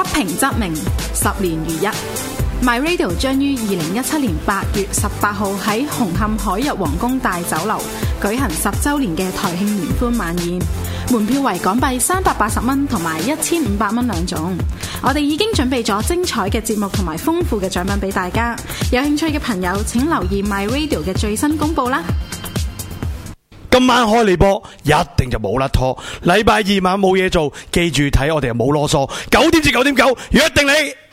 不平則鳴：十年如一。MyRadio 將於二零一七年八月十八號喺紅磡海逸皇宮大酒樓舉行十周年嘅台慶聯歡晚宴，門票為港幣三百八十蚊同埋一千五百蚊兩種。我哋已經準備咗精彩嘅節目同埋豐富嘅獎品俾大家，有興趣嘅朋友請留意 MyRadio 嘅最新公布啦。今晚開你波，一定就冇甩拖。禮拜二晚冇嘢做，記住睇我哋又冇囉嗦。九點至九點九，約定你。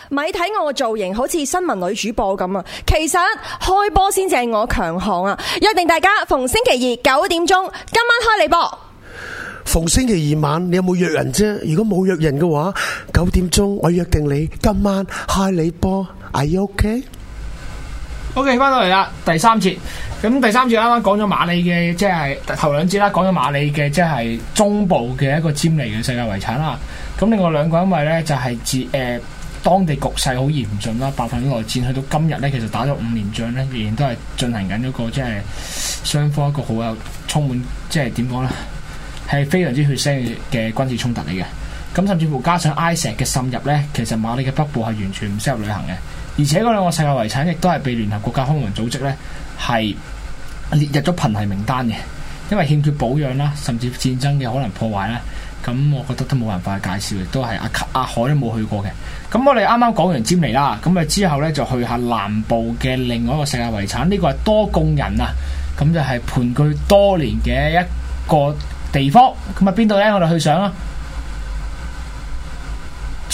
咪睇我個造型好似新聞女主播咁啊！其實開波先至係我強項啊！約定大家逢星期二九點鐘，今晚開你波。逢星期二晚，你有冇約人啫？如果冇約人嘅話，九點鐘我約定你今晚開你波，Are you OK? OK，翻到嚟啦，第三節。咁第三節啱啱講咗馬里嘅，即係頭兩節啦，講咗馬里嘅，即係中部嘅一個尖利嘅世界遺產啦。咁另外兩個因為咧，就係、是、自誒、呃、當地局勢好嚴峻啦，百分之內戰去到今日咧，其實打咗五年仗咧，仍然都係進行緊一個即係、就是、雙方一個好有充滿即係點講咧，係非常之血腥嘅軍事衝突嚟嘅。咁甚至乎加上埃石嘅滲入呢，其實馬里嘅北部係完全唔適合旅行嘅。而且嗰兩個世界遺產亦都係被聯合國教科文組織呢係列入咗瀕危名單嘅，因為欠缺保養啦，甚至戰爭嘅可能破壞啦。咁我覺得都冇辦法介紹，亦都係阿阿海都冇去過嘅。咁我哋啱啱講完尖尼啦，咁啊之後呢，就去下南部嘅另外一個世界遺產，呢、這個係多貢人啊，咁就係盤踞多年嘅一個地方。咁啊邊度呢？我哋去上啦。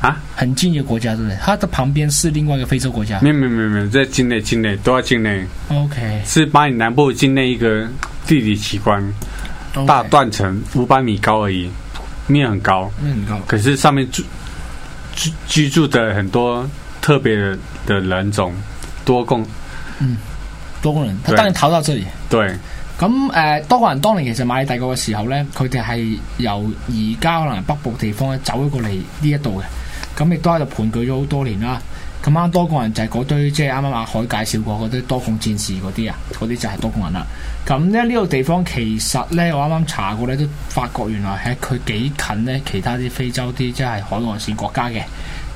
啊，很近嘅國家，對不對？它的旁邊是另外一個非洲國家。冇冇冇冇，在境內境內都在境內。O、okay. K，是馬里南部境內一個地理奇觀，okay. 大斷層五百米高而已，面很高，面很高。可是上面住居居住，住，住的很多特別的人種，多貢，嗯，多貢人，他當年逃到這裏。對，咁誒、呃，多貢人當年其實馬里帝國嘅時候呢，佢哋係由而家可能北部地方走咗過嚟呢一度嘅。咁亦都喺度盤踞咗好多年啦。咁啱多貢人就係嗰堆，即係啱啱阿海介紹過嗰堆多貢戰士嗰啲啊，嗰啲就係多貢人啦。咁咧呢個地方其實咧，我啱啱查過咧都發覺原來喺佢幾近咧其他啲非洲啲即係海岸線國家嘅。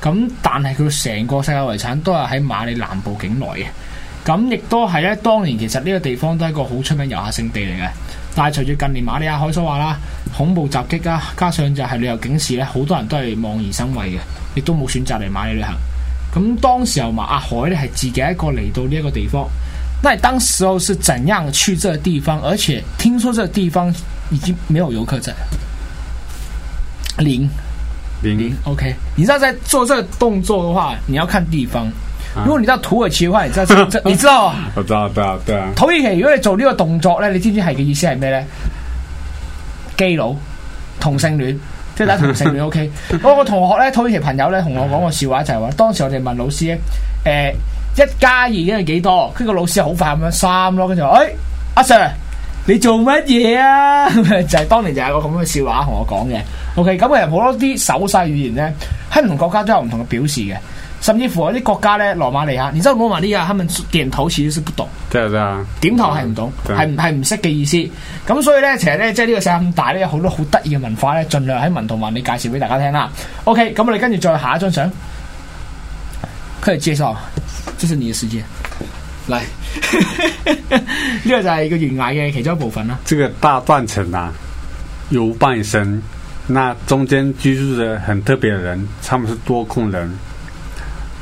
咁但係佢成個世界遺產都係喺馬里南部境內嘅。咁亦都係咧，當年其實呢個地方都係一個好出名遊客勝地嚟嘅。但係隨住近年馬里阿海索話啦，恐怖襲擊啊，加上就係旅遊警示咧，好多人都係望而生畏嘅。亦都冇選擇嚟馬里旅行，咁當時候嘛阿、啊、海咧係自己一個嚟到呢一個地方，那當時候是怎樣去這個地方？而且聽說這個地方已經沒有遊客在。零零,零，OK，你知道在做這個動作嘅話，你要看地方。啊、如果你到土耳其嘅話，你知唔 你知道啊？ 我知道，對啊，對啊。土耳其，如果你做呢個動作咧，你知唔知？係嘅意思係咩咧？基佬同性戀。 即係打同性戀 O K，我個同學咧，土耳其朋友咧，同我講個笑話，就係話，當時我哋問老師咧，誒、呃，一加二等於幾多？跟住個老師好快咁樣三咯，跟住話，誒、欸，阿、啊、Sir，你做乜嘢啊？ 就係當年就有個咁樣嘅笑話同我講嘅。O K，咁啊又好多啲手勢語言咧，喺唔同國家都有唔同嘅表示嘅。甚至乎有啲國家咧，羅馬尼亞，然之後羅馬尼亞佢哋點頭似是不懂，即係啊，點頭係唔懂，係唔係唔識嘅意思？咁、啊、所以咧，其實咧，即係呢個世界咁大咧，很很有好多好得意嘅文化咧，盡量喺文圖萬里介紹俾大家聽啦。OK，咁我哋跟住再下一張相，佢係介紹，這是你嘅世界，嚟呢 個就係個懸崖嘅其中一部分啦。這個大斷層啊，有半神，那中間居住嘅很特別嘅人，差唔多係多空人。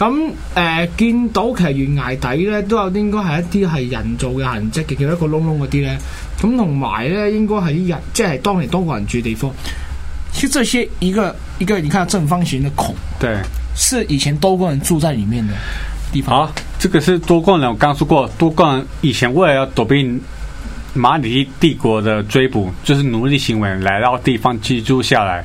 咁、嗯、誒、呃、見到其實懸崖底咧都有啲應該係一啲係人造嘅痕跡嘅，叫一個窿窿嗰啲咧，咁同埋咧應該係啲人即係當年多個人住嘅地方。其實這些一個一個你睇正方形嘅孔，對，是以前多個人住在裡面嘅地方。啊，這個是多個人，我剛說過，多個人以前為了要躲避馬里帝國的追捕，就是奴隸行為，來到地方居住下來。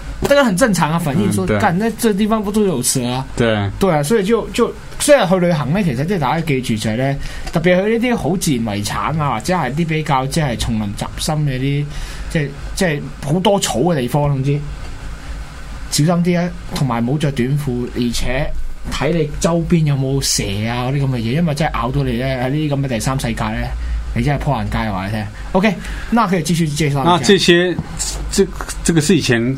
這個很正常啊，反映說，咁、嗯、呢，這地方不都有蛇啊？對，對啊，所以就就雖然去旅行咧，其實即係大家記住就係、是、咧，特別去啲好自然遺產啊，或者係啲比較即係叢林雜深嘅啲，即係即係好多草嘅地方，總之小心啲啊，同埋冇着短褲，而且睇你周邊有冇蛇啊嗰啲咁嘅嘢，因為真係咬到你咧喺呢啲咁嘅第三世界咧，你真係破爛街話你聽。OK，嗱，佢哋繼續介紹。這這個這個是以前。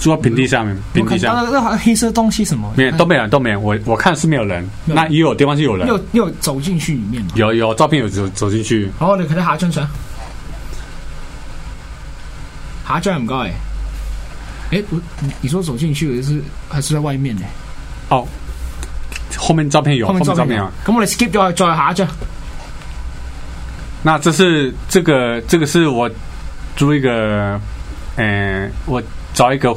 住到平地上面，平地上。那黑色東西什麼？沒有，都沒人，都沒有。我我看是沒有人沒有。那也有地方是有人。有有走進去裏面。有有照片有走走進去。好，我們睇下下一張相。下一張唔該。誒，我你你說走進去是還是在外面呢？哦，後面照片有，後面照片啊。咁我哋 skip 掉，再下一張。那這是這個，這個是我租一個，嗯、呃，我找一個。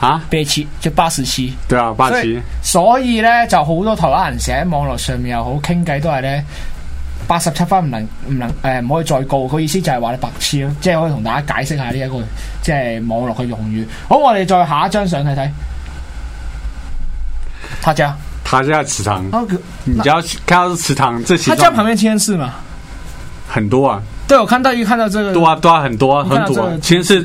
吓？八七，就八十七。對啊，八七。所以咧，就好多台灣人成日喺網絡上面又好傾偈，都係咧八十七分唔能唔能誒，唔、欸、可以再高。佢、那個、意思就係話你白痴咯，即、就、係、是、可以同大家解釋下呢、這、一個即係、就是、網絡嘅用語。好，我哋再下一張相睇睇。他家，他家的祠堂。哦、啊，你只要看到是祠堂。這他家旁邊天字嘛？很多啊！對我看到一看到這個多啊多啊，很多啊，很多天字。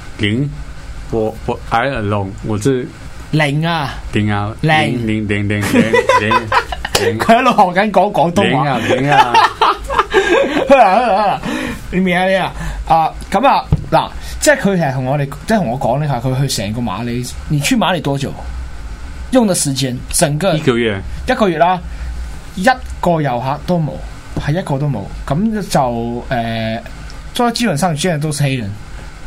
零，我我挨阿龍，我知零啊，零啊，零零零零零零，佢喺度學緊廣廣東話，零啊零啊，你咩啊你啊，啊咁啊嗱，即係佢成日同我哋，即係同我講咧，係佢去成個馬里，你出馬里多久？用嘅時間，整個一個月，一個月啦，一個遊客都冇，係一個都冇，咁就誒，所有支援生支援都死啦。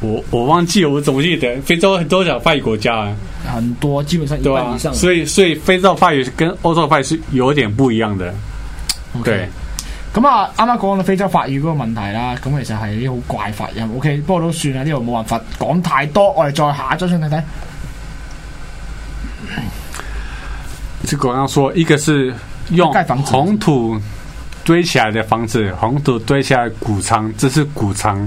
我我忘記我怎麼記得，非洲多少法語國家啊？很多，基本上，一以上對啊。所以所以非洲法語跟歐洲法語是有點不一樣的。Okay. 對。咁啊，啱啱講到非洲法語嗰個問題啦，咁其實係啲好怪發音。OK，不過都算啦，呢度冇辦法講太多，我哋再下一張張嚟睇。這個我想說，一個是用紅土堆起來的房子，紅土堆起來谷倉，這是谷倉。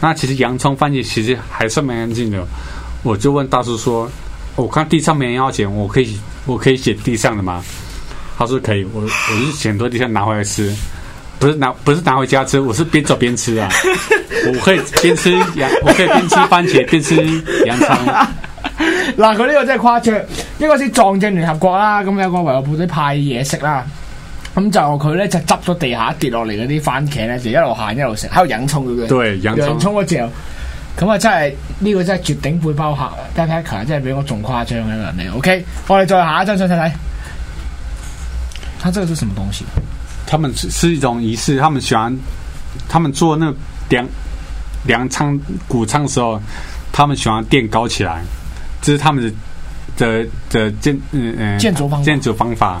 那其實洋蔥、番茄其實還算蠻乾淨的。我就問大叔說：“我看地上沒人要撿，我可以我可以撿地上的嗎？”他說：“可以。我”我我是撿到地上拿回來吃，不是拿不是拿回家吃，我是邊走邊吃啊 我吃。我可以邊吃洋，我可以邊吃番茄邊吃洋蔥。嗱， 佢呢個真係誇張，應該是撞正聯合國啦。咁有個維和部隊派嘢食啦。咁就佢咧就執咗地下跌落嚟嗰啲番茄咧，就一路行一路食，喺度引葱佢嘅。對，引葱嗰時候，咁啊，那真係呢、這個真係絕頂背包客 d i e p a c 真係比我仲誇張嘅一個人 OK，我哋再下一張張睇睇。它、啊、這是什麼東西？他們是，是一種儀式，他們喜歡，他們做那糧糧倉穀倉時候，他們喜歡墊高起來，這、就是他們的的的建嗯嗯建築方建築方法。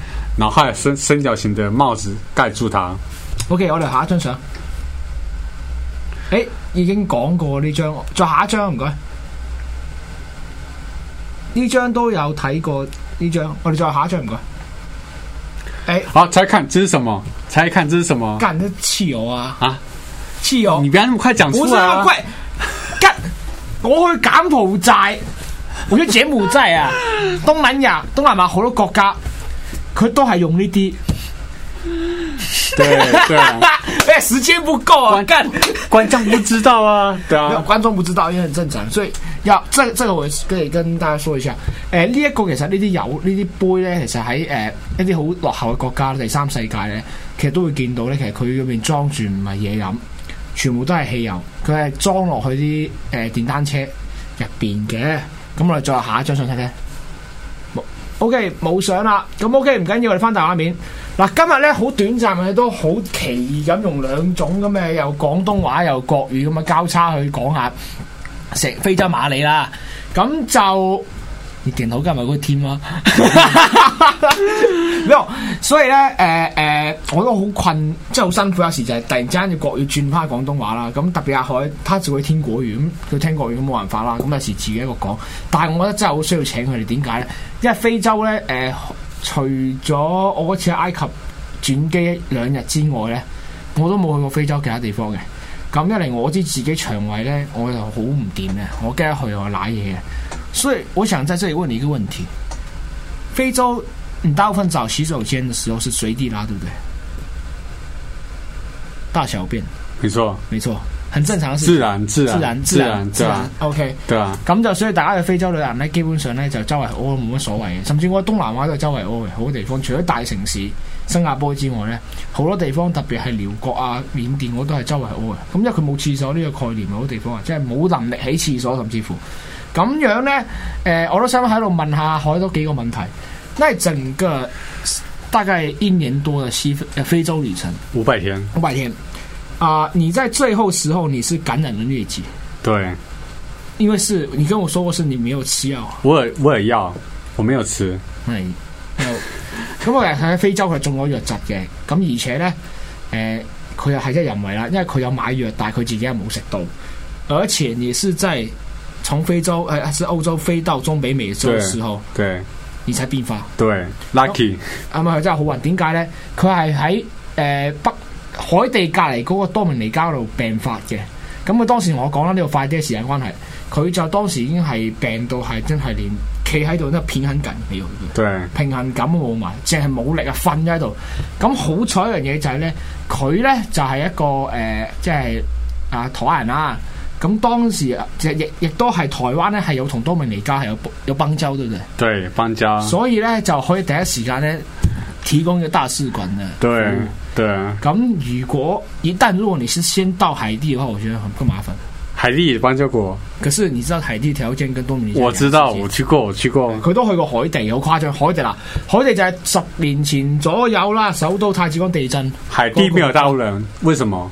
然後伸三角形的帽子蓋住它。OK，我哋下一張相。誒，已經講過呢張，再下一張唔該。呢張都有睇過，呢張我哋再下一張唔該。誒，好，猜看這是什麼？猜看這是什麼？干得汽油啊！啊，汽油！你不要咁快講出嚟啊！趕， 我去柬埔寨。我叫柬埔寨啊！ 東南亞，東南亞好多國家。佢都係用呢啲 ，對對、 欸、啊！誒，時間不夠，觀眾觀眾不知道啊， 對啊，觀眾不知道，因為很正常，所以又即即係我跟跟大家說一下，誒呢一個其實呢啲油，呢啲杯咧，其實喺誒、呃、一啲好落後嘅國家，第三世界咧，其實都會見到咧，其實佢嗰邊裝住唔係嘢飲，全部都係汽油，佢係裝落去啲誒、呃、電單車入邊嘅，咁我哋再下一張相睇睇。O K，冇相啦，咁 O K 唔緊要，我哋翻大畫面。嗱，今日咧好短暫嘅，都好奇異咁用兩種咁嘅，又廣東話又國語咁嘅交叉去講下西非洲馬里啦，咁就。你點頭加埋嗰個添啊，唔好，所以咧，誒、呃、誒，我都好困，即係好辛苦。有時就係、是、突然之間要國語轉翻廣東話啦。咁特別阿海，他做佢天果園，咁佢聽國語都冇辦法啦。咁有時自己一個講，但係我覺得真係好需要請佢哋。點解咧？因為非洲咧，誒、呃，除咗我嗰次喺埃及轉機一兩日之外咧，我都冇去過非洲其他地方嘅。咁一嚟我知自己腸胃咧，我就好唔掂嘅，我驚一去我舐嘢嘅。所以我想在這裡問你一個問題：非洲，你大部分找洗手間的時候是隨地拉，對不對？大小便。沒錯，沒錯，很正常事。自然，自然，自然，自然，OK。對啊。咁就所以，大家去非洲旅行呢，基本上呢，就周圍屙冇乜所謂嘅。甚至我喺東南亞都係周圍屙嘅，好多地方。除咗大城市新加坡之外呢，好多地方，特別係寮國啊、緬甸都都，我都係周圍屙嘅。咁因為佢冇廁所呢個概念，好多地方啊，即係冇能力起廁所，甚至乎。咁樣咧，誒、呃，我都想喺度問下海多幾個問題。那整個大概一年多嘅西誒非，非洲旅程，五百天，五百天。啊、呃，你在最後時候你是感染咗瘧疾，對，因為是你跟我說過，是你沒有吃藥，我我有藥，我沒有吃，係、嗯。咁我喺非洲佢中咗瘧疾嘅，咁而且咧，誒、呃，佢又係一人為啦，因為佢有買藥，但係佢自己係冇食到，而且你是在。從非洲誒、呃，是歐洲飛到中北美洲的時候對，對，而且變化。對，lucky，啊嘛，那運嗯、他真係好運。點解咧？佢係喺誒北海地隔籬嗰個多明尼加度病發嘅。咁佢當時我講啦，呢個快啲嘅時間關係，佢就當時已經係病到係真係連企喺度都片很緊，對平衡感都冇埋，淨係冇力在那裡那的、就是呃、啊，瞓咗喺度。咁好彩一樣嘢就係咧，佢咧就係一個誒，即係啊台灣人啊。咁當時啊，亦亦都係台灣咧，係有同多明尼加係有有邦交嘅啫。對，邦交。所以咧，就可以第一時間咧，提供一個大使館嘅。對、嗯、對。咁如果一旦如果你是先到海地嘅話，我覺得好麻煩。海地也邦交國。可是你知道海地條件跟多明尼加？我知道，我去過，我去過。佢都去過海地，好誇張。海地啦，海地就係十年前左右啦，首都太子港地震。海地邊有大陸人、那個？為什麼？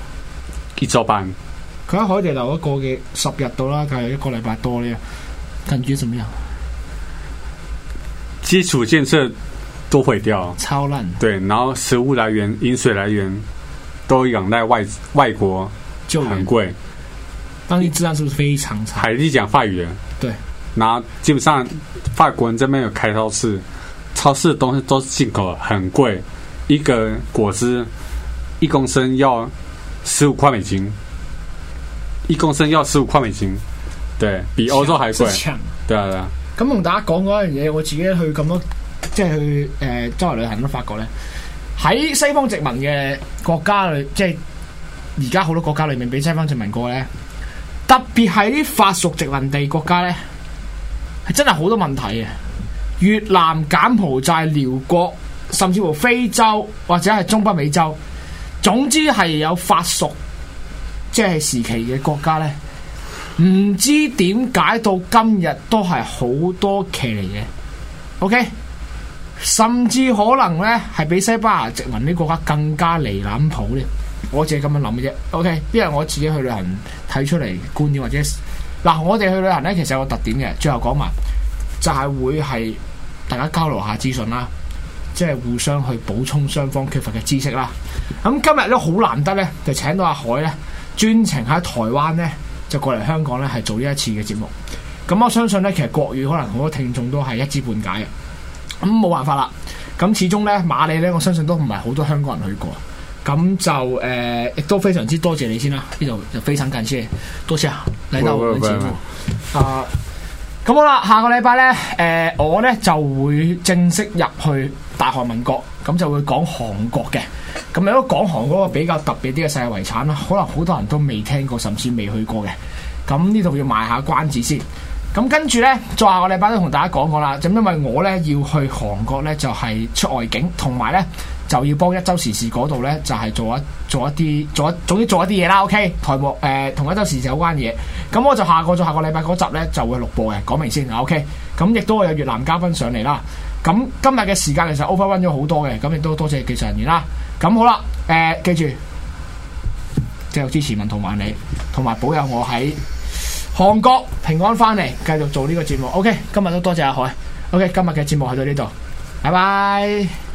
一周半，佢喺海地留咗個嘅十日到啦，就一個禮拜多咧。感覺怎麼樣？基礎設施都毀掉，超爛。對，然後食物來源、飲水來源都仰賴外外國，就很貴。當地治安是不是非常差？海地講法語嘅，對，然後基本上法國人這邊有開超市，超市東西都進口，很貴。一個果汁一公升要。十五塊美金，一公升要十五塊美金，對，比歐洲還貴。對啊對啊。咁同大家講嗰樣嘢，我自己去咁多，即係去誒、呃、周圍旅行都發覺咧，喺西方殖民嘅國家裏，即係而家好多國家裏面俾西方殖民過咧，特別係啲法屬殖民地國家咧，係真係好多問題嘅。越南、柬埔寨、寮國，甚至乎非洲或者係中北美洲。總之係有法屬即係時期嘅國家呢，唔知點解到今日都係好多期嚟嘅，OK？甚至可能呢係比西班牙殖民啲國家更加離捻譜咧，我自己咁樣諗嘅啫。OK？呢係我自己去旅行睇出嚟觀點，或者嗱，我哋去旅行呢，其實有個特點嘅。最後講埋就係會係大家交流下資訊啦，即係互相去補充雙方缺乏嘅知識啦。咁今日咧，好難得咧，就請到阿海咧專程喺台灣咧就過嚟香港咧係做呢一次嘅節目。咁我相信咧，其實國語可能好多聽眾都係一知半解嘅，咁冇辦法啦。咁始終咧馬里咧，我相信都唔係好多香港人去過。咁就誒亦、呃、都非常之多謝你先啦，呢度就非常感謝，多謝，嚟到我哋節目，咁好啦，下個禮拜呢，誒、呃，我呢就會正式入去大韓民國，咁就會講韓國嘅。咁如果講韓國個比較特別啲嘅世界遺產啦，可能好多人都未聽過，甚至未去過嘅。咁呢度要賣下關子先。咁跟住呢，再下個禮拜都同大家講講啦。咁因為我呢要去韓國呢，就係、是、出外景，同埋呢就要幫一周時事嗰度呢，就係、是、做一做一啲做一，總之做一啲嘢啦。O、OK, K，台幕誒、呃，同一周時事有關嘢。咁我就下個再下個禮拜嗰集咧就會錄播嘅，講明先 OK。咁亦都會有越南嘉賓上嚟啦。咁今日嘅時間其實 overrun 咗好多嘅，咁亦都多謝技術人員啦。咁好啦，誒、呃、記住，繼續支持文圖萬里，同埋保佑我喺韓國平安翻嚟，繼續做呢個節目。OK，今日都多謝阿海。OK，今日嘅節目喺到呢度，拜拜。